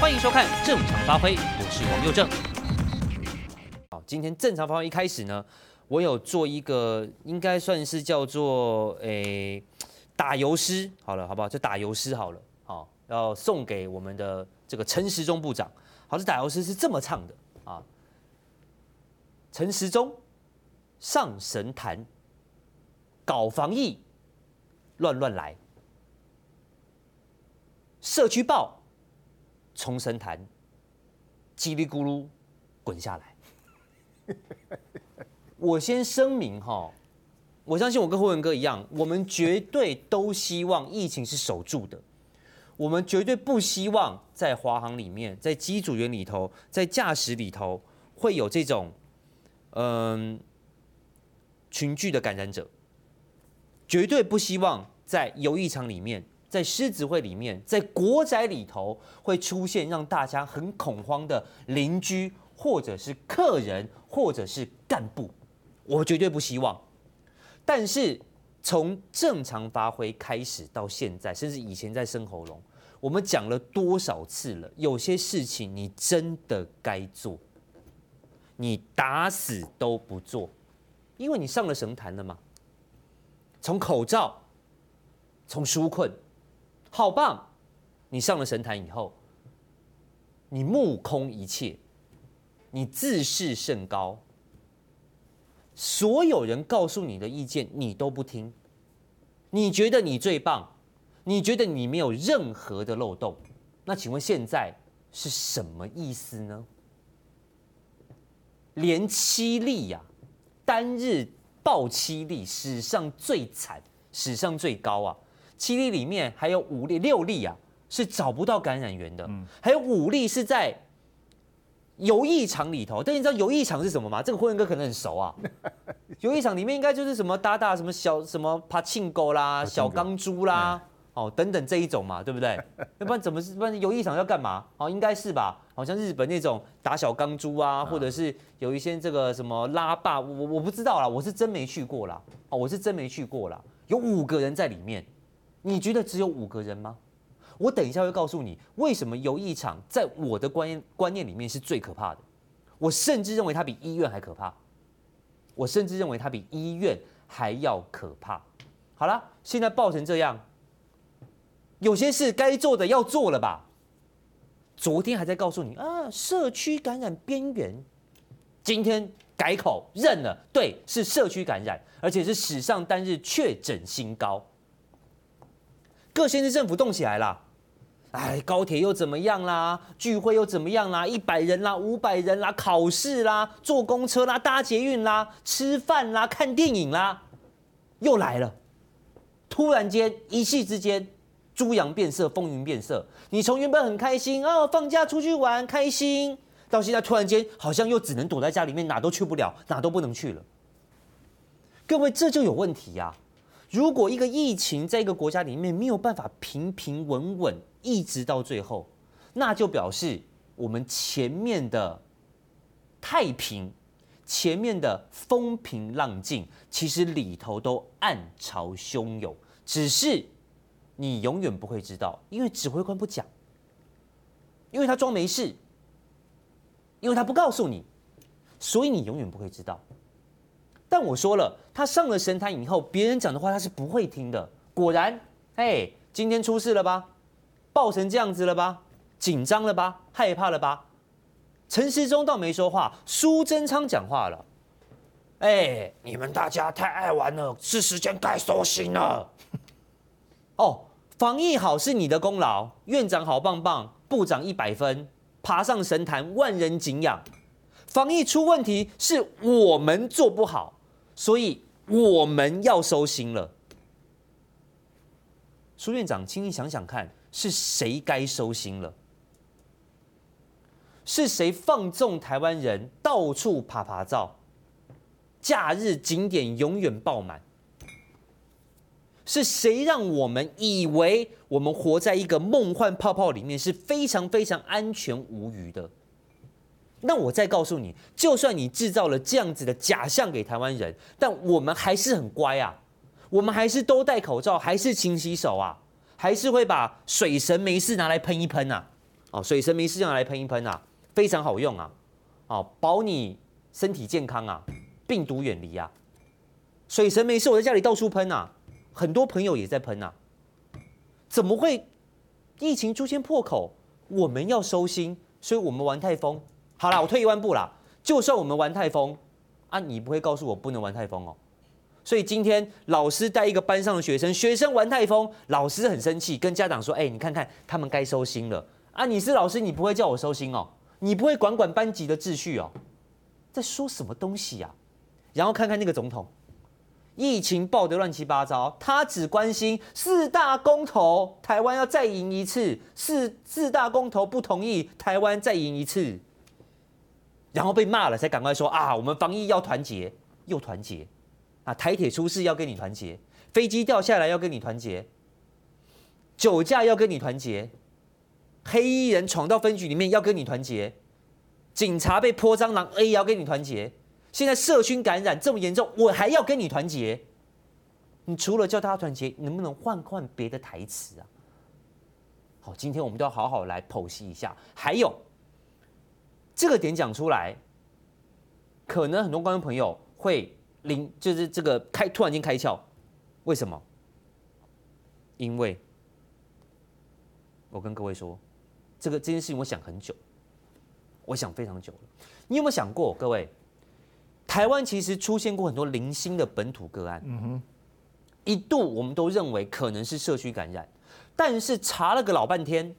歡迎收看《正常發揮》，我是王又正。好，今天《正常發揮》一開始呢，我有做一個應該算是叫做誒、欸、打油詩，好了，好不好？就打油詩好了，好、哦，要送給我們的這個陳時中部長。好，這打油詩是這麼唱的啊：陳時中上神壇，搞防疫亂亂來，社區報，從神壇，嘰里咕嚕滾下來。 我先聲明哈，我相信我跟揮文哥一樣，我們絕對都希望疫情是守住的，我們絕對不希望在華航裡面，在機組員裡頭，在駕駛裡頭會有這種嗯、呃、群聚的感染者，絕對不希望在遊藝場裡面。在獅子會裡面，在國宅裡頭會出現讓大家很恐慌的鄰居，或者是客人，或者是幹部，我絕對不希望。但是從正常發揮開始到現在，甚至以前在深喉嚨，我們講了多少次了？有些事情你真的該做，你打死都不做，因為你上了神壇了嘛。從口罩，從紓困。好棒！你上了神壇以後，你目空一切，你自視甚高，所有人告訴你的意見你都不聽，你覺得你最棒，你覺得你沒有任何的漏洞，那請問現在是什麼意思呢？連七例呀、啊，單日報七例，史上最慘，史上最高啊！七例裡面還有五例六例啊，是找不到感染源的。嗯、還有五例是在遊藝場裡頭。但你知道遊藝場是什麼嗎？這個揮文哥可能很熟啊。遊藝場裡面應該就是什麼搭搭什麼小什麼爬慶狗啦， 小鋼珠啦， 嗯、哦等等這一種嘛，對不對？要 不然怎麼是不然遊藝場要幹嘛？哦，應該是吧？好像日本那種打小鋼珠啊，或者是有一些這個什麼拉霸，我我不知道啦，我是真沒去過啦，哦，我是真沒去過啦，有五個人在裡面。你覺得只有五個人嗎？我等一下會告訴你為什麼遊藝場在我的觀念觀念裡面是最可怕的。我甚至認為它比醫院還可怕。我甚至認為它比醫院還要可怕。好了，現在爆成這樣，有些事該做的要做了吧？昨天還在告訴你啊，社區感染邊緣，今天改口認了，對，是社區感染，而且是史上單日確診新高。各縣市政府動起來了，哎，高鐵又怎麼樣啦？聚會又怎麼樣啦？一百人啦，五百人啦，考試啦，坐公車啦，搭捷運啦，吃飯啦，看電影啦，又來了。突然間，一夕之間，豬羊變色，風雲變色。你從原本很開心哦，放假出去玩，開心，到現在突然間好像又只能躲在家裡面，哪都去不了，哪都不能去了。各位，這就有問題呀、啊。如果一個疫情在一個國家裡面沒有辦法平平穩穩一直到最後，那就表示我們前面的太平，前面的風平浪靜，其實裡頭都暗潮洶湧，只是你永遠不會知道，因為指揮官不講，因為他裝沒事，因為他不告訴你，所以你永遠不會知道。但我說了，他上了神壇以後，別人講的話他是不會聽的。果然，哎、欸，今天出事了吧？爆成這樣子了吧？緊張了吧？害怕了吧？陳時中倒沒說話，蘇貞昌講話了。哎、欸，你們大家太愛玩了，是時間該收心了。哦，防疫好是你的功勞，院長好棒棒，部長一百分，爬上神壇，萬人敬仰。防疫出問題是我們做不好。所以我們要收心了，蘇院長，請你想想看，是誰該收心了？是誰放縱台灣人到處趴趴走，假日景點永遠爆滿？是誰讓我們以為我們活在一個夢幻泡泡裡面，是非常非常安全無虞的？那我再告訴你，就算你製造了這樣子的假象給台灣人，但我們還是很乖啊，我們還是都戴口罩，還是勤洗手啊，還是會把水神沒事拿來噴一噴啊，哦，水神沒事就拿來噴一噴啊，非常好用啊，哦，保你身體健康啊，病毒遠離啊，水神沒事我在家裡到處噴啊，很多朋友也在噴啊，怎麼會疫情出現破口？我們要收心，所以我們玩太瘋。好啦，我退一萬步啦，就算我們玩太瘋，啊，你不會告訴我不能玩太瘋哦。所以今天老師帶一個班上的學生，學生玩太瘋，老師很生氣，跟家長說：“哎、欸，你看看他們該收心了啊！”你是老師，你不會叫我收心哦，你不會管管班級的秩序哦，在說什麼東西呀、啊？然後看看那個總統，疫情爆得亂七八糟，他只關心四大公投，台灣要再贏一次，四四大公投不同意，台灣再贏一次。然後被罵了，才趕快說啊，我們防疫要團結，又團結，啊，台鐵出事要跟你團結，飛機掉下來要跟你團結，酒駕要跟你團結，黑衣人闖到分局裡面要跟你團結，警察被潑蟑螂 A 要跟你團結，現在社區感染這麼嚴重，我還要跟你團結。你除了叫他團結，能不能換換別的台詞啊？好，今天我們都要好好來剖析一下，還有。這個點講出來，可能很多觀眾朋友會零。就是這個開突然間開竅，為什麼？因為，我跟各位說，這個這件事情我想很久，我想非常久了。你有沒有想過，各位，台灣其實出現過很多零星的本土個案，嗯哼，一度我們都認為可能是社區感染，但是查了個老半天，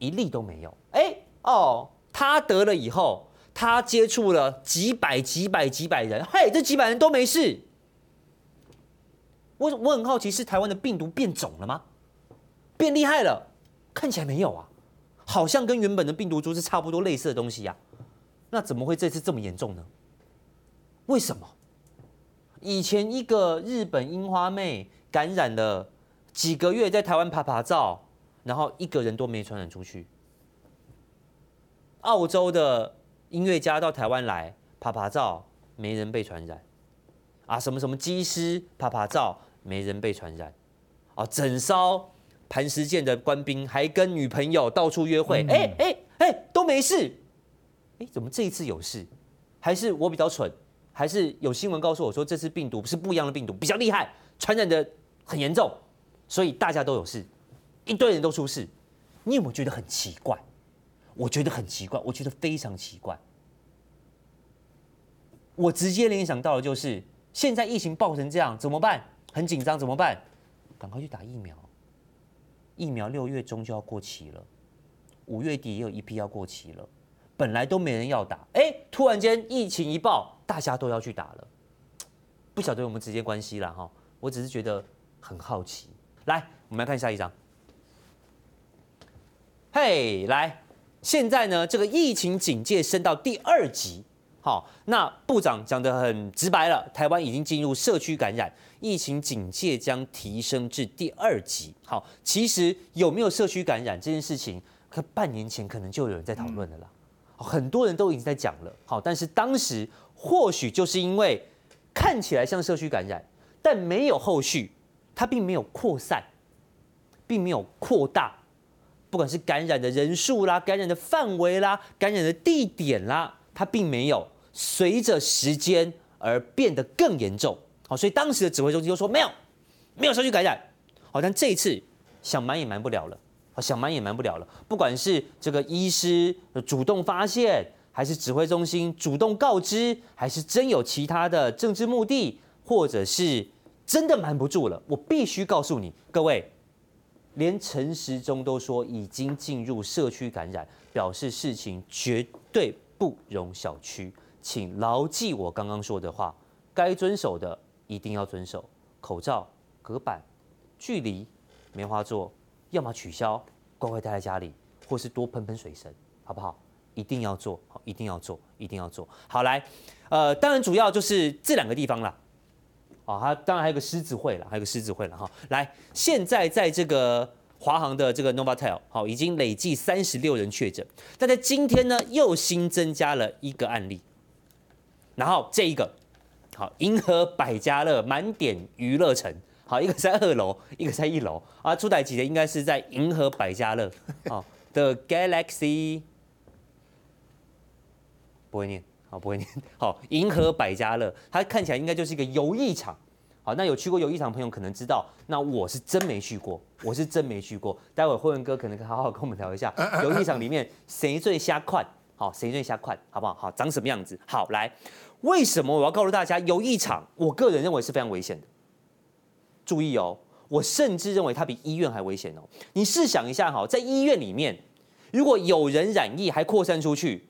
一例都沒有。哎、欸，哦。他得了以後，他接觸了幾百幾百幾百人，嘿，這幾百人都沒事。我我很好奇，是台灣的病毒變種了嗎？變厲害了？看起來沒有啊，好像跟原本的病毒株是差不多類似的東西呀。那怎麼會這次這麼嚴重呢？為什麼？以前一個日本櫻花妹感染了，幾個月在台灣趴趴走，然後一個人都沒傳染出去。澳洲的音樂家到台灣來趴趴走，沒人被傳染啊！什麼什麼機師趴趴走，沒人被傳染啊！整艘磐石艦的官兵還跟女朋友到處約會，哎哎哎，都沒事。哎、欸，怎麼這一次有事？還是我比較蠢？還是有新聞告訴我說這次病毒不是不一樣的病毒，比較厲害，傳染得很嚴重，所以大家都有事，一堆人都出事。你有沒有覺得很奇怪？我覺得很奇怪，我覺得非常奇怪。我直接聯想到的就是現在疫情爆成這樣，怎麼辦？很緊張，怎麼辦？趕快去打疫苗。疫苗六月中就要過期了，五月底也有一批要過期了。本來都沒人要打，哎、欸，突然間疫情一爆，大家都要去打了。不曉得有沒有直接關係了哈，我只是覺得很好奇。來，我們來看下一張。嘿、hey,，來。現在呢，這個疫情警戒升到第二級，好，那部長講得很直白了，台灣已經進入社區感染。疫情警戒將提升至第二級，好，其實有沒有社區感染這件事情，可半年前可能就有人在討論了啦，很多人都已經在講了，好，但是當時或許就是因為看起來像社區感染，但沒有後續，它並沒有擴散，並沒有擴大。不管是感染的人數啦、感染的範圍啦、感染的地點啦，它並沒有隨着時間而變得更嚴重。好，所以當時的指揮中心就說沒有，沒有社區感染。好，但這一次想瞞也瞞不了了，好，想瞞也瞞不了了。不管是這個醫師主動發現，還是指揮中心主動告知，還是真有其他的政治目的，或者是真的瞞不住了，我必須告訴你各位。連陳時中都說已經進入社區感染，表示事情絕對不容小覷。請牢記我剛剛說的話，該遵守的一定要遵守：口罩、隔板、距離、梅花座，要麼取消，乖乖待在家裡，或是多噴噴水神，好不好？一定要做好，一定要做，一定要做。好，來，呃，當然主要就是這兩個地方了。啊，他當然還有個獅子會了，還有個獅子會了哈。來，現在在這個華航的這個 Novotel 好，已經累計三十六人確診。但在今天呢，又新增加了一個案例。然後這一個好，銀河百家樂滿點娛樂城好，一個在二樓，一個在一樓。啊，出台幾的應該是在銀河百家樂，the Galaxy，不會念。哦，不會念。好，銀河百家樂，它看起來應該就是一個遊藝場。好，那有去過遊藝場的朋友可能知道，那我是真沒去過，我是真沒去過。待會揮文哥可能好好跟我們聊一下、嗯嗯嗯、遊藝場裡面誰最瞎快，好，誰最瞎快，好不好？好，長什麼樣子？好，來，為什麼我要告訴大家遊藝場？我個人認為是非常危險的。注意哦，我甚至認為它比醫院還危險哦。你試想一下，好，在醫院裡面，如果有人染疫還擴散出去。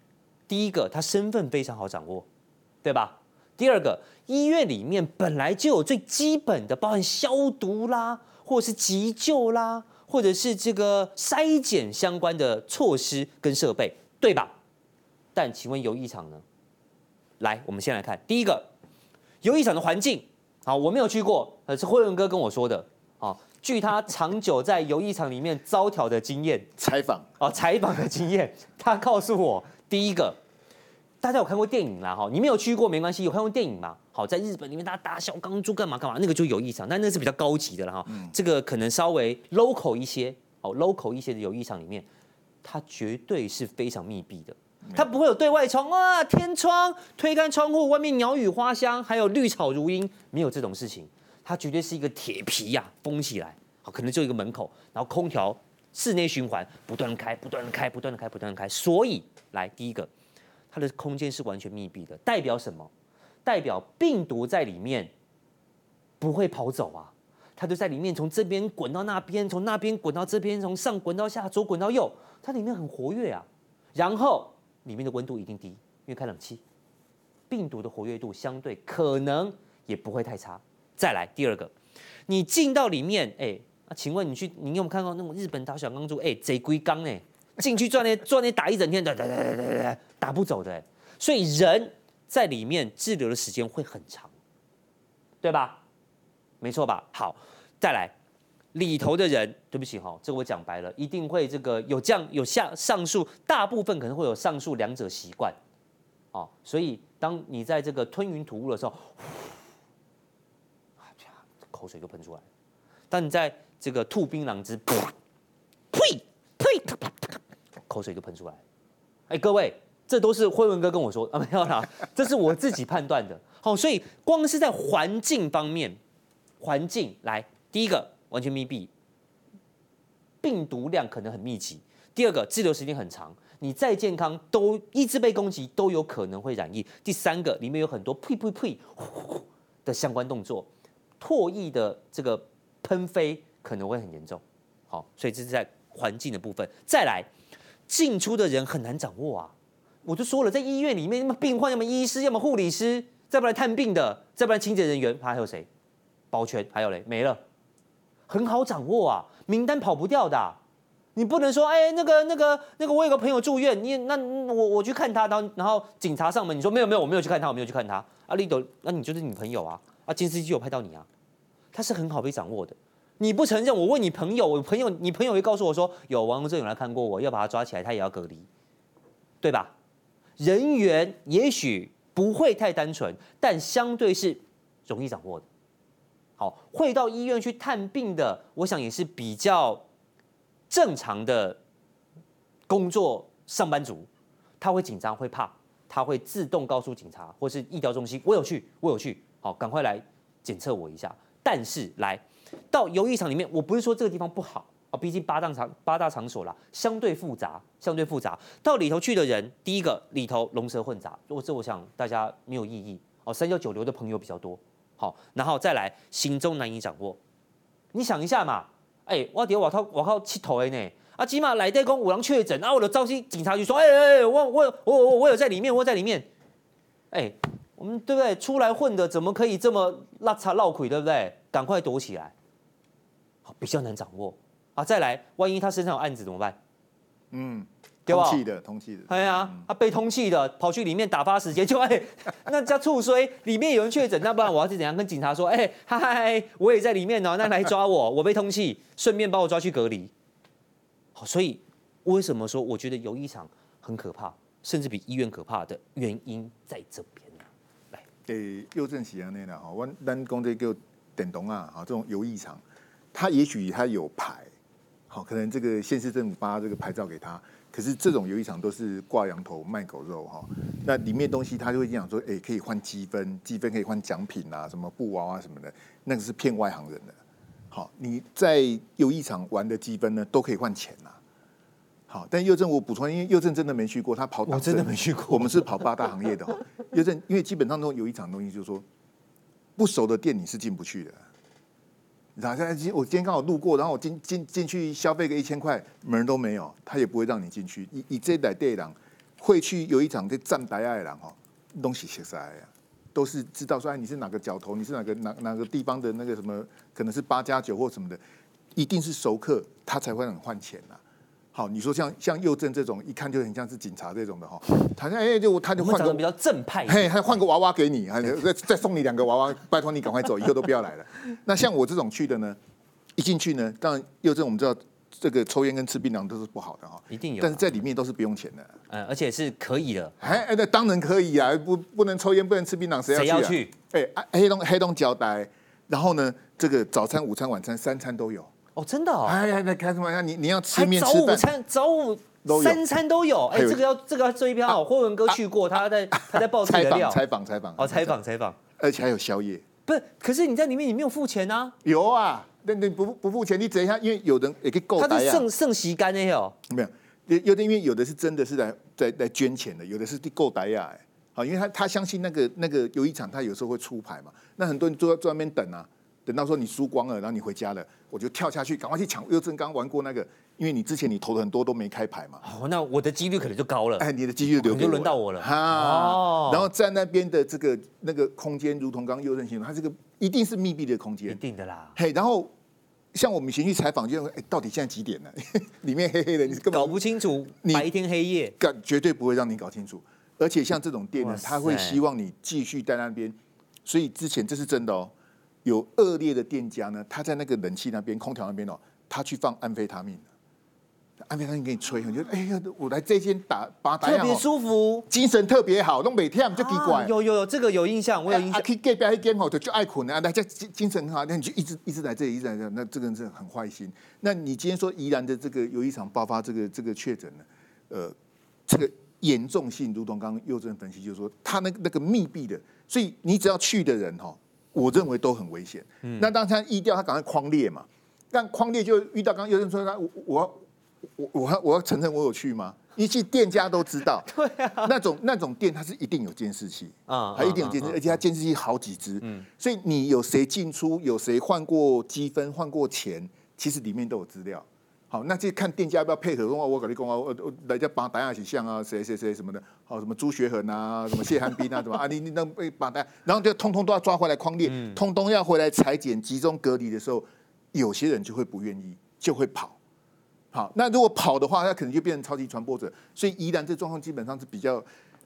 第一個，他身份非常好掌握，對吧？第二個，醫院裡面本來就有最基本的，包含消毒啦，或是急救啦，或者是這個篩檢相關的措施跟設備，對吧？但請問遊藝場呢？來，我們先來看第一個遊藝場的環境。好，我沒有去過，是揮文哥跟我說的。哦，據他長久在遊藝場裡面招嫖的經驗，採訪訪哦，採訪的經驗，他告訴我。第一個，大家有看過電影啦哈，你沒有去過沒關係，有看過電影嘛？好，在日本裡面大家打小鋼珠幹嘛幹嘛，那個就有遊藝場，但那是比較高級的啦哈。這個可能稍微 local 一些哦，local 一些的遊藝場裡面，它絕對是非常密閉的，它不會有對外窗啊，天窗推開窗戶，外面鳥語花香，還有綠草如茵，沒有這種事情，它絕對是一個鐵皮呀、啊、封起來，好，可能就一個門口，然後空調。室內循環不斷開，不斷開，不斷的開，不斷開，所以來第一個，它的空間是完全密閉的，代表什麼？代表病毒在裡面不會跑走啊，它就在裡面，從這邊滾到那邊，從那邊滾到這邊，從上滾到下，左滾到右，它裡面很活躍啊。然後裡面的溫度一定低，因為開冷氣，病毒的活躍度相對可能也不會太差。再來第二個，你進到裡面，哎、欸。那請問你去，你有沒有看到那種日本打小鋼珠？哎、欸，賊龜剛呢，進去轉那轉那，那打一整天，對對對對，打不走的、欸。所以人在裡面滯留的時間會很長，對吧？沒錯吧？好，再來，裡頭的人，嗯、對不起哈，這個、我講白了，一定會這個有這樣有下上述，大部分可能會有上述兩者習慣哦，所以當你在這個吞雲吐霧的時候，啊，這口水就噴出來了。但你在這個吐檳榔汁噗，呸呸，口水就噴出來。哎、欸，各位，這都是揮文哥跟我說的啊，沒有啦，這是我自己判斷的。好，所以光是在環境方面，環境來，第一個完全密閉，病毒量可能很密集；第二個滯留時間很長，你再健康都一直被攻擊，都有可能會染疫；第三個裡面有很多呸呸呸的相關動作，唾液的這個。噴飛可能會很嚴重，好，所以這是在環境的部分。再來，進出的人很難掌握啊！我就說了，在醫院裡面，要麼病患，要麼醫師，要麼護理師，再不來探病的，再不來清潔人員，他還有誰？保全還有嘞？沒了，很好掌握啊，名單跑不掉的，啊。你不能說，哎、欸，那個那個那個，那個、我有個朋友住院，你那我我去看他，然後然後警察上門，你說沒有沒有，我沒有去看他，我沒有去看他。阿立斗，那、啊、你就是你朋友啊？啊，監視器有拍到你啊？他是很好被掌握的，你不承認？我問你朋友，我朋友，你朋友會告訴我說，有王正有來看過我，要把他抓起來，他也要隔離，對吧？人員也許不會太單純，但相對是容易掌握的。好，會到醫院去探病的，我想也是比較正常的工作上班族，他會緊張，會怕，他會自動告訴警察或是醫療中心，我有去，我有去，好，趕快來檢測我一下。但是來到遊藝場裡面，我不是說這個地方不好啊、哦，畢竟八大場八大場所啦，相對複雜，相對複雜。到裡頭去的人，第一個裡頭龍蛇混雜，如果這我想大家沒有異議哦，三教九流的朋友比較多。好、哦，然後再來行蹤難以掌握。你想一下嘛，哎，我屌我靠我靠氣頭誒呢，啊起碼來電工五郎確診啊，我的昭西警察局說，哎哎哎，我我我我我有在裡面，我有在裡面，哎。我們對不對？出來混的怎麼可以這麼邋遢鬧鬼，對不對？趕快躲起來，比較難掌握。啊，再來，萬一他身上有案子怎麼辦？嗯，通緝的對吧？通緝的，通緝的。對啊，他、嗯啊、被通緝的，跑去裡面打發時間，就哎， 那叫促衰。裡面有人確診， 那不然我要是怎樣跟警察說？哎，嗨，我也在裡面呢、哦，那來抓我，我被通緝，順便把我抓去隔離。好，所以為什麼說我覺得遊藝場很可怕，甚至比醫院可怕的原因在這邊。誒，游正喜啊，那的哈，玩人工這個電動啊，哈，這種遊藝場，他也許他有牌，好，可能這個縣市政府发這個牌照給他，可是這種遊藝場都是掛羊頭賣狗肉哈，那裡面東西他就會講說，誒、欸，可以換積分，積分可以換獎品啊，什麼布娃娃什麼的，那個是騙外行人的，好，你在遊藝場玩的積分呢，都可以換錢吶、啊。好，但又正我補充，因為又正真的沒去過，他跑，我真的沒去過。我們是跑八大行業的右又正，因為基本上都遊藝場東西，就是說不熟的店你是進不去的。然後現在今我今天剛好路過，然後我進進進去消費個一千塊，門都沒有，他也不會讓你進去。以以這代店人會去遊藝場這站白愛的哦，東西實呀，都是知道說哎，你是哪個角頭，你是哪個哪哪個地方的那個什麼，可能是八加九或什麼的，一定是熟客他才會讓你換錢吶、啊。好，哦，你說像像又正這種，一看就很像是警察這種的哈。他哎，就他就換個會長得比較正派的。嘿，還換個娃娃給你啊！再再送你兩個娃娃，拜託你趕快走，一個 都不要來了。那像我這種去的呢，一進去呢，當然又正我們知道，這個抽煙跟吃檳榔都是不好的哈。一定有，啊，但是在裡面都是不用錢的。嗯，而且是可以的。還哎，哎，那當然可以呀，啊，不不能抽煙，不能吃檳榔，誰要去，啊？誰要去？哎，黑洞黑洞交代。然後呢，這個早餐、午餐、晚餐三餐都有。哦，真的哎呀，那幹什麼呀？你你要吃麵吃？早午餐早午三餐都有。哎，這個要這個一揮文哥去過，他在他在報道採採訪採訪哦，採訪採訪，而且還有宵夜。不是，可是你在裡面你沒有付錢啊？有啊，那不不付錢，你等一下，因為有人也可以購。他在盛盛席的沒有，有的因為有的是真的是來捐錢的，有的是夠達亞哎，好，因為他他相信那個那個遊藝場他有時候會出牌嘛，那很多人坐在外面等啊。等到說你輸光了，然後你回家了，我就跳下去，趕快去搶。又正剛玩過那個，因為你之前你投了很多都沒開牌嘛。哦，oh, 那我的幾率可能就高了。哎，你的幾率就可能就輪到我了。哈 oh. 然後在那邊的這個那個空間，如同剛剛又正形容，它這個一定是密閉的空間。一定的啦。嘿，hey, 然後像我們前去採訪就，就、哎、到底現在幾點了？ 裡面黑黑的，你根本搞不清楚白天黑夜。幹絕對不會讓你搞清楚，而且像這種店呢，他塞會希望你繼續在那邊。所以之前這是真的哦。有惡劣的店家呢，他在那個冷氣那邊、空調那邊哦，他去放安非他命安非他命給你吹，你覺得哎呀，我來這間打打台、哦、特別舒服，精神特別好，那每天就幾管有有有，這個有印象，我有印象。可以蓋杯一點哦，就就愛睏啊，那這精精神很好，那你就一直一直來這裡，一直來這裡，那這個人是很壞心。那你今天說宜蘭的這個遊藝場爆發、這個，這個這個確診呢，呃，這個嚴重性，如同剛剛又正分析，就是說他那個、那個密閉的，所以你只要去的人哈、哦。我認為都很危險。嗯、那當時他疫調，他趕快匡列嘛。但匡列就遇到剛剛有人說他我我我我我，我要承認我有去嗎？一切店家都知道， 對啊、那種那種店它是一定有監視器啊，它一定有監視器，啊啊、而且它監視器好幾支。嗯、所以你有誰進出，有誰換過積分、換過錢，其實裡面都有資料。好，那就看店家要不要配合說。我、哦、我跟你講啊，我我人家幫打壓起像啊，誰誰誰什麼的，好、哦、什麼朱學恆啊，什麼謝寒冰啊，什麼 啊，你你能幫他。然後就通通都要抓回來匡列，嗯、通通要回來裁剪，集中隔離的時候，有些人就會不願意，就會跑。好，那如果跑的話，他可能就變成超級傳播者。所以宜蘭這狀況基本上是比較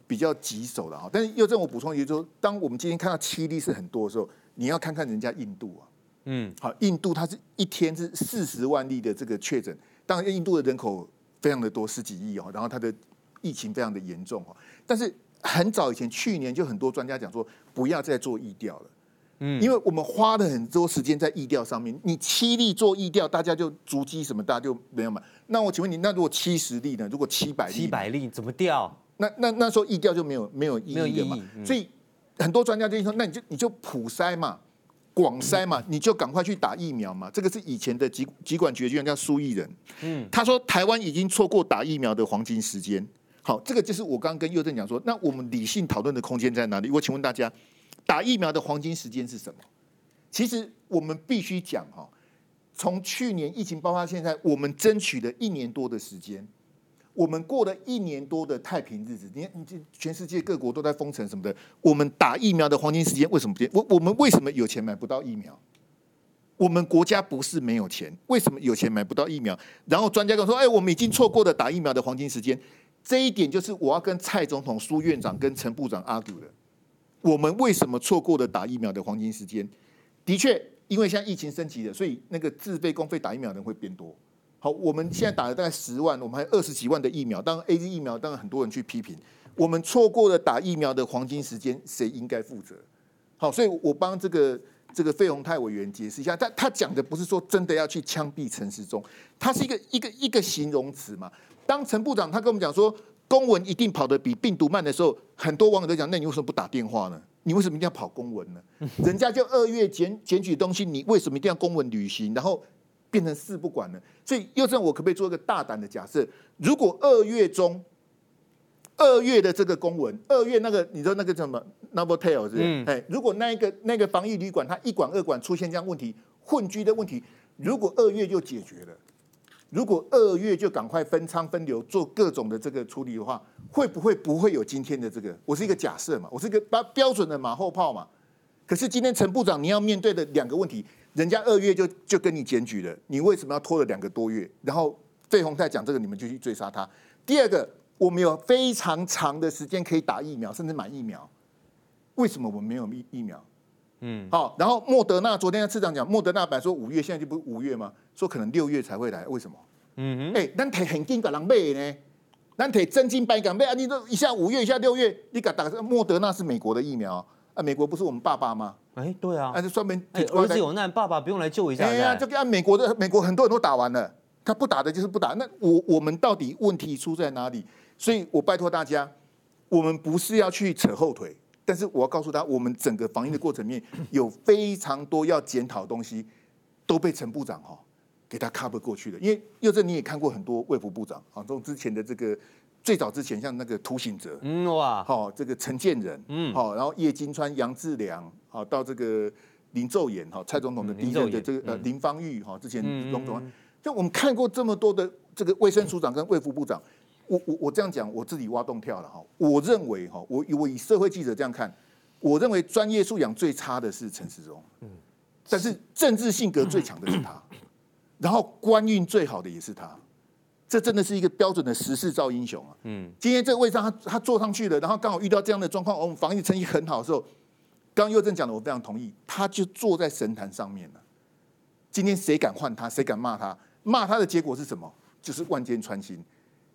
比較棘手的啊。但是又正我補充一句，說當我們今天看到七例是很多的時候，你要看看人家印度啊。嗯，好，印度它是一天是四十萬例的這個確診，當然印度的人口非常的多，十幾億哦，然後它的疫情非常的嚴重哦，但是很早以前，去年就很多專家講說不要再做疫調了，嗯，因為我們花了很多時間在疫調上面，你七例做疫調，大家就足跡什麼大，大家就沒有嘛。那我請問你，那如果七十例呢？如果七百例呢？七百例怎麼調？那那那時候疫調就沒有沒有意義嘛？義嗯，所以很多專家就說，那你就你就普篩嘛。廣篩嘛，你就趕快去打疫苗嘛。這個是以前的疾疾管局局長，叫蘇益仁。嗯，他說台灣已經錯過打疫苗的黃金時間。好，這個就是我剛剛跟又正講說，那我們理性討論的空間在哪裡？我請問大家，打疫苗的黃金時間是什麼？其實我們必須講哈，從去年疫情爆發現在，我們爭取了一年多的時間。我們過了一年多的太平日子，你看，你這，全世界各國都在封城什麼的，我們打疫苗的黃金時間為什麼不見？我我們為什麼有錢買不到疫苗？我們國家不是沒有錢，為什麼有錢買不到疫苗？然後專家跟我說：“哎，我們已經錯過了打疫苗的黃金時間。”這一點就是我要跟蔡總統、蘇院長、跟陳部長 argue 的。我們為什麼錯過了打疫苗的黃金時間？的確，因為現在疫情升級了，所以那個自費、公費打疫苗的人會變多。好，我們現在打了大概十萬，我們還有二十幾萬的疫苗。當然，AZ 疫苗當然很多人去批評，我們錯過了打疫苗的黃金時間，誰應該負責？好，所以我幫這個這個費鴻泰委員解釋一下，但他講的不是說真的要去槍斃陳時中，他是一個一個一個形容詞嘛。當陳部長他跟我們講說公文一定跑得比病毒慢的時候，很多網友都講，那你為什麼不打電話呢？你為什麼一定要跑公文呢？人家就二月檢檢舉東西，你為什麼一定要公文旅行？然後。變成四不管了，所以又這樣，我可不可以做一個大膽的假設？如果二月中，二月的這個公文，二月那個你知道那個叫什麼 Novotel 是不是？嗯、如果那個那個防疫旅館它一管二管出現這樣問題混居的問題，如果二月就解決了，如果二月就趕快分艙分流做各種的這個處理的話，會不會不會有今天的這個？我是一個假設嘛，我是一個把標準的馬後炮嘛。可是今天陳部長你要面對的兩個問題。人家二月就就跟你檢舉了，你為什麼要拖了兩個多月？然後費鴻泰講這個，你們就去追殺他。第二個，我們有非常長的時間可以打疫苗，甚至買疫苗。為什麼我們沒有疫疫苗？嗯，好。然後莫德納昨天的次長講，莫德納本來說五月現在就不是五月嗎？說可能六月才會來。為什麼？嗯哼。哎、欸，那得很驚的狼狽呢，那得真金白銀狽啊！你都一下五月，一下六月，你敢打？莫德納是美國的疫苗啊，美國不是我們爸爸嗎？哎，欸、對啊，那就說明兒子有難，爸爸不用來救一下？哎呀，就跟按美國的，美國很多人都打完了，他不打的就是不打。那我我們到底問題出在哪裡？所以我拜托大家，我們不是要去扯後腿，但是我要告訴他，我們整個防疫的過程裡面有非常多要檢討的東西，都被陳部長哈、喔、給他 cover 過去了。因為又正你也看過很多衛福部長啊，從之前的這個。最早之前像那個涂醒哲，嗯哇，好、喔、這個陳建仁，嗯好、喔，然後葉金川、楊志良，好、喔、到這個林奏延哈蔡總統的弟弟、嗯、林奏延，這個、嗯、呃林芳郁，哈、喔、之前總統，嗯嗯、就我們看過這麼多的這個衛生署長跟衛福部長，我我我這樣講，我自己挖洞跳了哈，我認為哈，我我以社會記者這樣看，我認為專業素養最差的是陳時中，嗯，但是政治性格最強的是他，然後官運最好的也是他。這真的是一個標準的時勢造英雄啊！嗯，今天這個位置上他他坐上去了，然後剛好遇到這樣的狀況，哦，我們防疫成績很好的時候，剛又正講的我非常同意，他就坐在神壇上面了。今天誰敢換他，誰敢罵他？罵他的結果是什麼？就是萬箭穿心。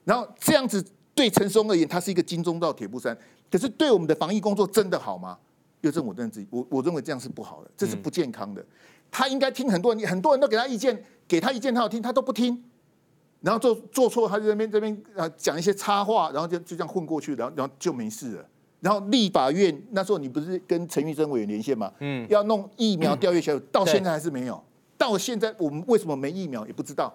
然後這樣子對陳松而言，他是一個金鐘罩鐵布衫，可是對我們的防疫工作真的好嗎？又正，我這樣我我認為這樣是不好的，這是不健康的。他應該聽很多人，很多人都給他意見，給他意見他要聽，他都不聽。然後做做錯，他就那邊這邊啊講一些插話，然後就就這樣混過去了，然後然後就沒事了。然後立法院那時候你不是跟陳玉珍委員連線嗎？嗯、要弄疫苗調閱小組，到現在還是沒有。對到現在我們為什麼沒疫苗也不知道。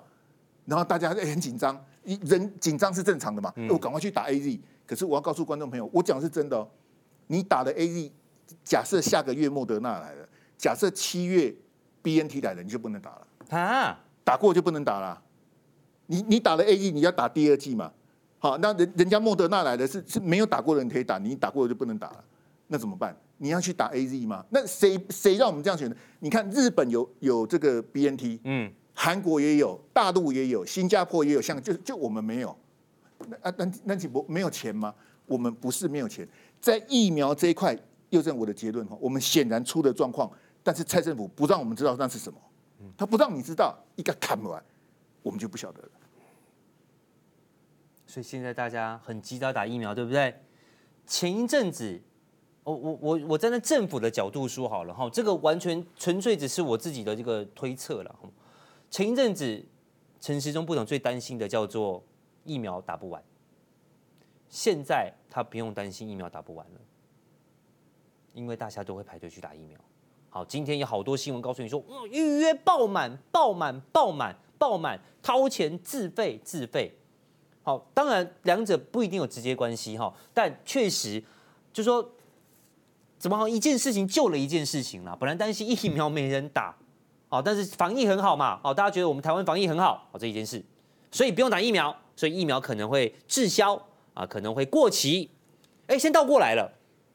然後大家很緊張，人緊張是正常的嘛。嗯、我趕快去打 A Z，可是我要告訴觀眾朋友，我講是真的哦。你打的 A Z，假設下個月莫德納來了，假設七月 B N T 來了，你就不能打了啊？他打過就不能打了？你你打了 A Z，你要打第二劑嗎？好，那人人家莫德納來的是是沒有打過的人可以打，你打過了就不能打了，那怎麼辦？你要去打 A Z 嗎？那誰誰讓我們這樣選的？你看日本有有這個 B N T，嗯，韓國也有，大陸也有，新加坡也有，像就就我們沒有，那那那起不，沒有錢嗎？我們不是沒有錢，在疫苗這一塊又證我的結論哈，我們顯然出了狀況，但是蔡政府不讓我們知道那是什麼，他不讓你知道一個看不完，我們就不曉得了。所以現在大家很急着打疫苗，對不對？前一陣子，我我我我站在政府的角度說好了哈，這個完全純粹只是我自己的這個推測了。前一陣子，陳時中部長最擔心的叫做疫苗打不完，現在他不用擔心疫苗打不完了，因為大家都會排隊去打疫苗。好，今天有好多新聞告訴你說，哦，預約爆滿，爆滿，爆滿，爆滿，掏錢自費，自費。好，當然兩者不一定有直接關係哈，但確實就是說，怎麼好像一件事情救了一件事情啦。本來擔心疫苗沒人打，好，但是防疫很好嘛，啊，大家覺得我們台灣防疫很好，哦，這一件事，所以不用打疫苗，所以疫苗可能會滯銷啊，可能會過期，哎、欸，先倒過來了，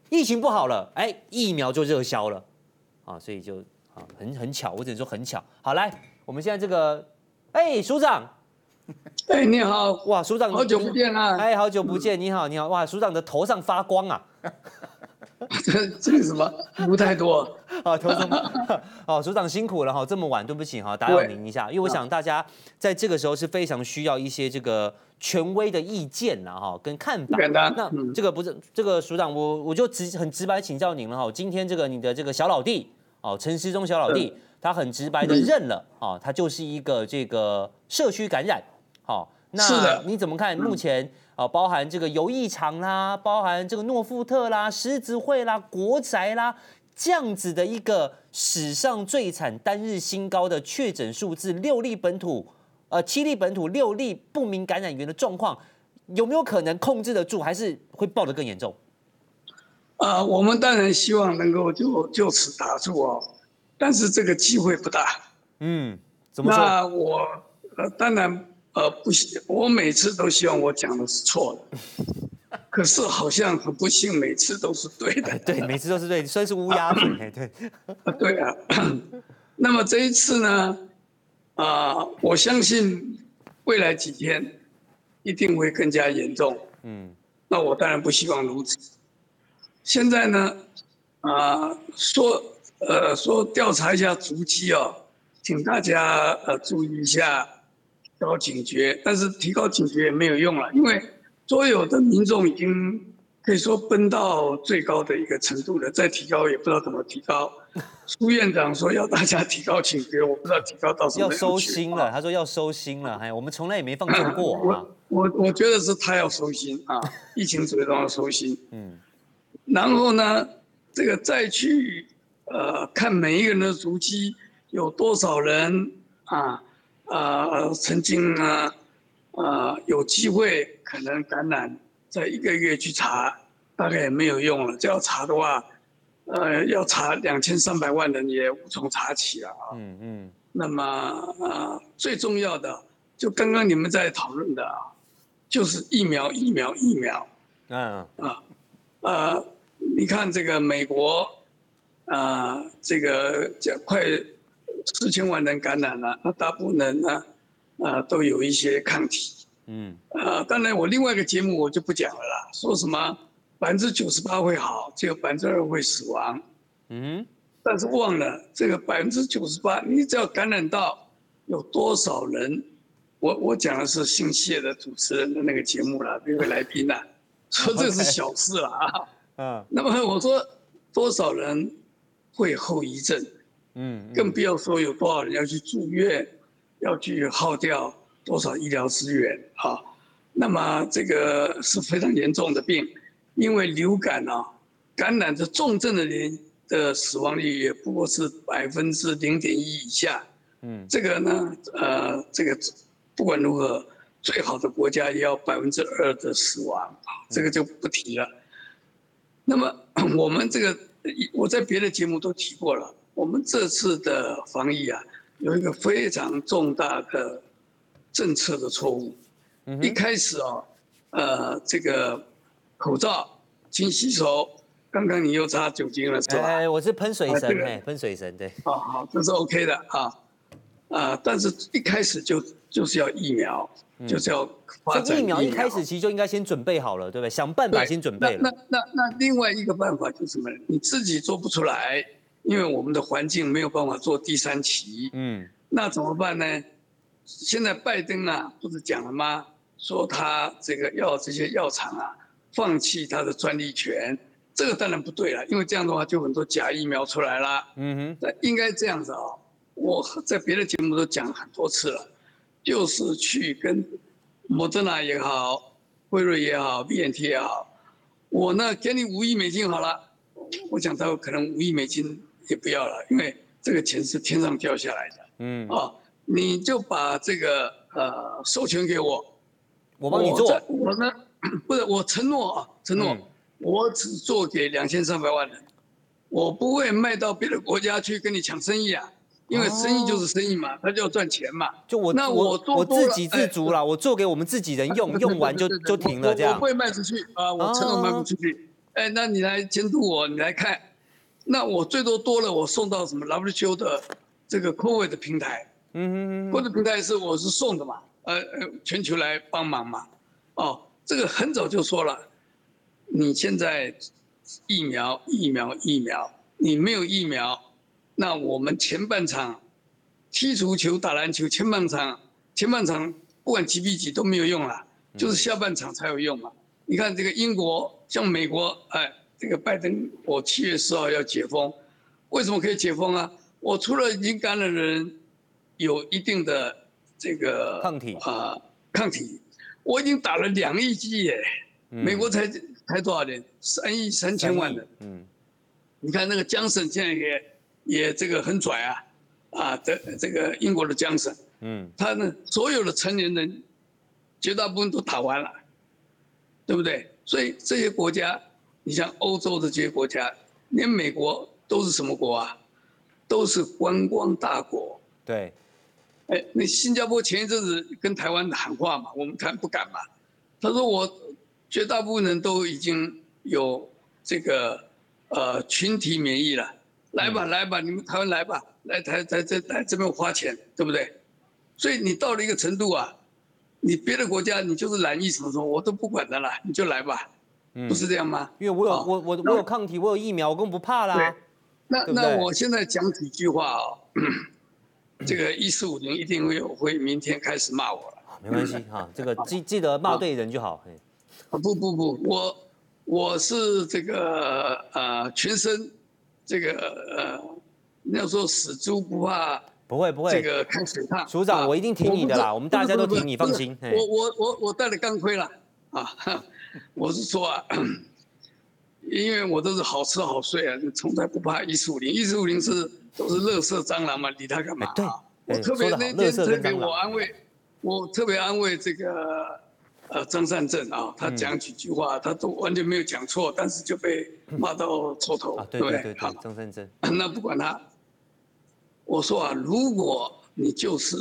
疫情不好了，哎、欸，疫苗就熱銷了，啊，所以就啊很很巧，我只能說很巧。好，來，我們現在這個，哎、欸，署長。哎，你好！哇，署長，好久不見了哎，好久不見，你好，你好！哇，署長的頭上發光啊！ 這這個什麼？不太多啊，頭。哦、 啊，署長辛苦了哈，這麼晚，對不起哈，打擾您一下，對因為我想大家在這個時候是非常需要一些這個權威的意見吶哈，跟看法。那這個不是這個署長，我我就直很直白請教您了哈。今天這個你的這個小老弟哦，陳時中小老弟，是他很直白的認了是啊，他就是一個這個社區感染。好、哦，那你怎麼看目前、嗯、啊？包含這個遊藝場啦、啊，包含這個諾富特啦、啊、獅子會啦、啊、國宅啦、啊，這樣子的一個史上最慘單日新高的確診數字，六例本土，呃，七例本土，六例不明感染源的狀況，有沒有可能控制得住，還是會爆得更嚴重？呃，我們當然希望能夠就就此打住哦，但是這個機會不大。嗯，怎麼說？那我、呃、當然。呃，不行，我每次都希望我講的是錯的， 可是好像很不幸每次都是對的。 對，每次都是對，你算是烏鴉、 呃、對。對、， 呃、對啊，那麼這一次呢，啊、呃，我相信未來幾天一定會更加嚴重。嗯。那我當然不希望如此。現在呢，啊、呃，說，呃，說調查一下足跡哦，請大家呃注意一下。提高警覺，但是提高警覺也沒有用了，因為所有的民眾已經可以說奔到最高的一個程度了，再提高也不知道怎麼提高。蘇 院長說要大家提高警覺，我不知道提高到什麼程度。要收心了，他說要收心了，哎，我們從來也沒放鬆過、啊嗯、我我，我覺得是他要收心啊， 疫情主要都要收心。 嗯，然後呢，這個再去呃看每一個人的足跡，有多少人啊？啊、呃，曾經呢、啊，啊、呃，有機會可能感染，在一個月去查，大概也沒有用了。這要查的話，呃，要查兩千三百萬人也無從查起了啊。嗯嗯。嗯，那麼啊、呃，最重要的，就剛剛你們在討論的啊，就是疫苗，疫苗，疫苗。嗯。啊啊、呃呃，你看這個美國，啊、呃，這個快。四千萬人感染了、啊，那大部分人呢、啊，啊、呃，都有一些抗體，嗯，啊、呃，當然我另外一個節目我就不講了啦，說什麼百分之九十八會好，只有百分之二會死亡，嗯哼，但是忘了這個百分之九十八，你只要感染到有多少人，我我講的是姓謝的主持人的那個節目了，那位 來賓吶、啊，說這是小事了啊，Okay. 啊，那麼我說多少人會後遺症？嗯，更不要說有多少人要去住院，要去耗掉多少醫療資源啊。那麼這個是非常嚴重的病，因為流感啊，感染着重症的人的死亡率也不過是百分之零點一以下。嗯，這個呢，呃，這個不管如何，最好的國家也要百分之二的死亡，這個就不提了。嗯，那麼我們這個，我在別的節目都提過了。我們這次的防疫啊，有一個非常重大的政策的錯誤。嗯、哼一開始啊、哦，呃，這個口罩、勤洗手，剛剛你又擦酒精了，是吧？哎，哎，我是噴水神，呃、對哎，噴水神，對。哦，好，這是 OK 的啊啊，呃，但是一開始就就是要疫苗，嗯、就是要發這疫苗，這疫苗一開始其實就應該先準備好了，對不對？想辦法先準備了。那那那那另外一個辦法就是什麼？你自己做不出來。因為我們的環境沒有辦法做第三期，嗯，那怎麼辦呢？現在拜登啊，不是講了嗎？說他這個要這些藥廠啊放棄他的專利權，這個當然不對了，因為這樣的話就很多假疫苗出來了，嗯哼。應該這樣子啊、哦，我在別的節目都講很多次了，就是去跟，莫德納也好，輝瑞也好，BNT 也好，我呢給你五億美金好了，我講他可能五億美金。也不要了，因為這個錢是天上掉下來的。嗯，哦，你就把這個呃授權給我，我幫你做。我呢，不是我承諾啊，承諾我只做給兩千三百萬人，我不會賣到別的國家去跟你搶生意啊，因為生意就是生意嘛，他就要賺錢嘛。就我那我我自給自足了，我做給我們自己人用，用完就就停了這樣。我不會賣出去啊，我承諾賣不出去。哎，那你來監督我，你來看。那我最多多了，我送到什麼 WTO 的這個 COV 的平台，嗯嗯，COV 的平台是我是送的嘛，呃呃，全球來幫忙嘛，哦，這個很早就說了，你現在疫苗疫苗疫苗，你沒有疫苗，那我們前半場踢足球打籃球前半場前半場不管幾比幾都沒有用了，就是下半場才有用嘛。你看這個英國像美國哎。這個拜登，我七月四號要解封，為什麼可以解封啊？我除了已經感染的人，有一定的這個抗體啊、呃，抗體，我已經打了兩億劑耶，嗯、美國才才多少人？三億三千萬人，嗯，你看那個強生現在也也這個很拽啊，啊，這這個英國的強生，嗯，他呢，所有的成年人，絕大部分都打完了，對不對？所以這些國家。你像歐洲的這些國家，連美國都是什麼國啊？都是觀光大國。對，哎、欸，那新加坡前一陣子跟台灣喊話嘛，我們台灣不敢嘛。他說我絕大部分人都已經有這個呃群體免疫了，來吧、嗯、來吧，你們台灣來吧，來台台，台，台這來這邊花錢，對不對？所以你到了一個程度啊，你別的國家你就是染疫什麼什麼，我都不管他了，你就來吧。不是這樣嗎？因為我有我我我有抗體，我有疫苗，我更不怕啦。那那我現在講幾句話啊：這個一四五零一定會有，會明天開始罵我了。沒關係哈，這個記記得罵對人就好。不不不，我我是這個呃，全身這個呃，要說死豬不怕不會不會這個開水燙。署長，我一定挺你的啦，我們大家都挺你，放心。我我我我帶了鋼盔了啊。我是說啊，因為我都是好吃好睡啊，就從來不怕1450。1450是都是垃圾蟑螂嘛，理他幹嘛，啊欸、對，欸、我特別那天特別我安慰，我特別安慰這個呃張善政啊，他講幾句話，嗯、他都完全沒有講錯，但是就被罵到臭頭。嗯、對，對，對對，好，張善政，那不管他。我說啊，如果你就是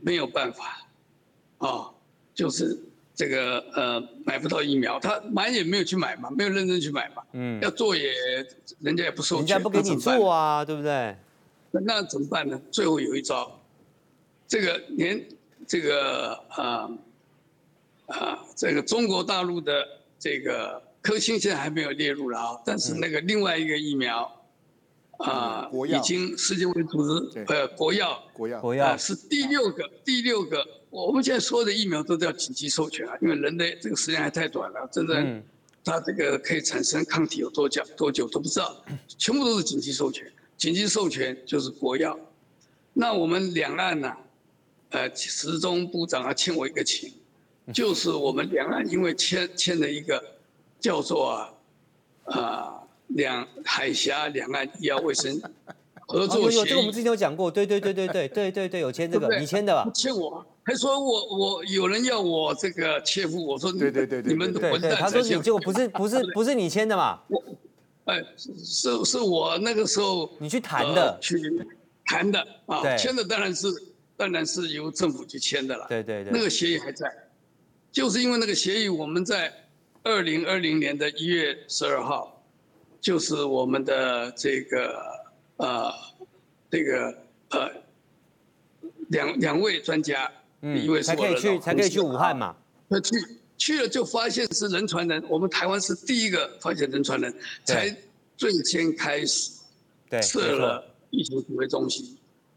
沒有辦法啊，哦，就是。這個呃，買不到疫苗，他買也沒有去買嘛，沒有認真去買嘛。嗯，要做也人家也不收錢，人家不給你做啊，對不對？那那怎麼辦呢？最後有一招，這個連這個啊啊、呃呃，這個中國大陸的這個科興現在還沒有列入了啊，但是那個另外一個疫苗啊，已經世界衛生組織呃國藥國藥國藥、啊、是第六個第六個。我們現在所有的疫苗都叫緊急授權啊，因為人類這個時間還太短了，真正它這個可以產生抗體有多久多久都不知道，全部都是緊急授權。緊急授權就是國藥。那我們兩岸呢、啊，呃，時中部長還、啊、欠我一個情，就是我們兩岸因為簽簽了一個叫做啊啊、呃、兩海峽兩岸醫藥衛生。 合作協議，我們之前有講過，對對對對對對對對，有簽這個，你簽的吧？簽我，還說我我有人要我這個切腹，我說對對對對，你們混蛋，他說你結果不是不是不是你簽的嘛？我，哎，是是我那個時候你去談的，去談的啊，簽的當然是當然是由政府去簽的了。對對對，那個協議還在，就是因為那個協議，我們在二零二零年的一月十二號，就是我們的這個。呃，這個呃，兩兩位專家，嗯，一位是我，才可以去才可以去武漢嘛？那去去了就發現是人傳人，我們台灣是第一個發現人傳人，對才最先開始對設了對疫情指揮中心，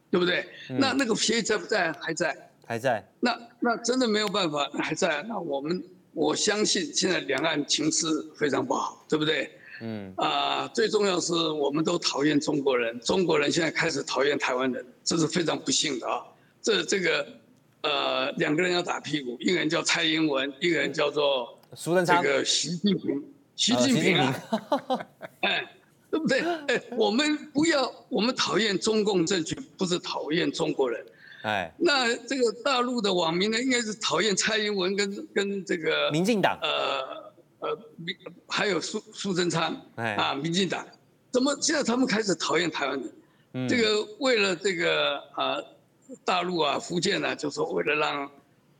對不對？嗯、那那個協議在不在？還在？還在？那那真的沒有辦法，還在？那我們我相信現在兩岸情勢非常不好，對不對？嗯啊，呃，最重要是我們都討厭中國人，中國人現在開始討厭台灣人，這是非常不幸的啊。這這個，呃，兩個人要打屁股，一個人叫蔡英文，一個人叫做這個習近平，習近平啊，哦、習近平 哎，對不對？哎，我們不要我們討厭中共政權，不是討厭中國人，哎，那這個大陸的網民呢，應該是討厭蔡英文跟跟這個民進黨，呃。呃，民還有蘇蘇貞昌，哎，啊，民進黨怎麼現在他們開始討厭台灣人？這個為了這個、呃、啊，大陸啊，福建啊，就是為了讓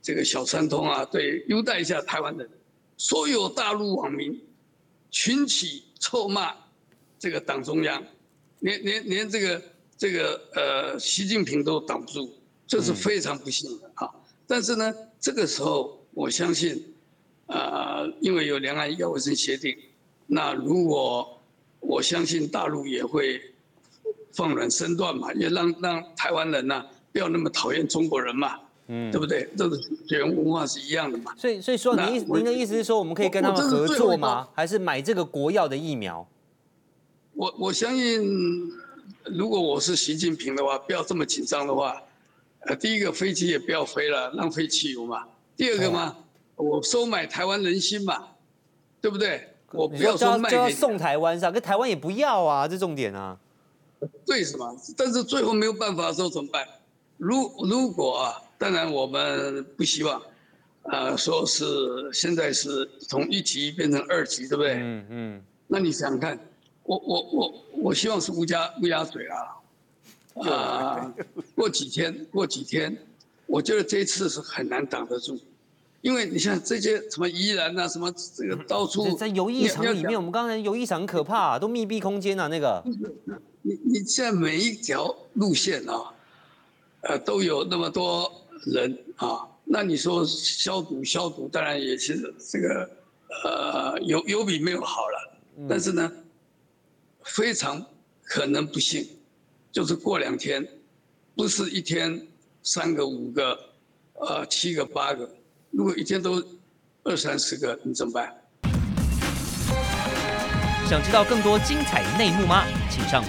這個小三通啊，對優待一下台灣人，所有大陸網民群起臭罵這個黨中央，連連連這個這個呃，習近平都擋不住，這是非常不幸的啊。但是呢，這個時候我相信。呃，因為有兩岸醫藥衛生協定，那如果我相信大陸也會放軟身段嘛，也讓讓台灣人呢、啊、不要那麼討厭中國人嘛，嗯，對不對？這是源文化是一樣的嘛。所以所以說，那您我您的意思是說，我們可以跟他們我合作嗎？是還是買這個國藥的疫苗？我我相信，如果我是習近平的話，不要這麼緊張的話，呃，第一個飛機也不要飛了，浪費汽油嘛。第二個嘛。我收買台灣人心嘛，對不對？我不要說賣就要送台灣上，跟台灣也不要啊，這重點啊。對什麼？但是最後沒有辦法的時候，怎麼辦？如如果，啊、當然我們不希望，呃，說是現在是從一級變成二級，對不對？嗯嗯。嗯，那你想想看，我我我我希望是烏鴉烏鴉嘴啊，啊、呃，過幾天過幾天，我覺得這次是很難擋得住。因為你像這些什麼宜蘭啊，什麼這個到處、嗯、在遊藝場裡面，要我們剛才遊藝場很可怕，啊，都密閉空間吶，啊。那個你，你你現在每一條路線啊，呃，都有那麼多人啊，那你說消毒消毒，當然也其實這個呃有有比沒有好了，但是呢，嗯、非常可能不幸，就是過兩天，不是一天三個五個，呃七個八個。如果一天都二三十個，你怎麼辦？想知道更多精彩內幕嗎？請上。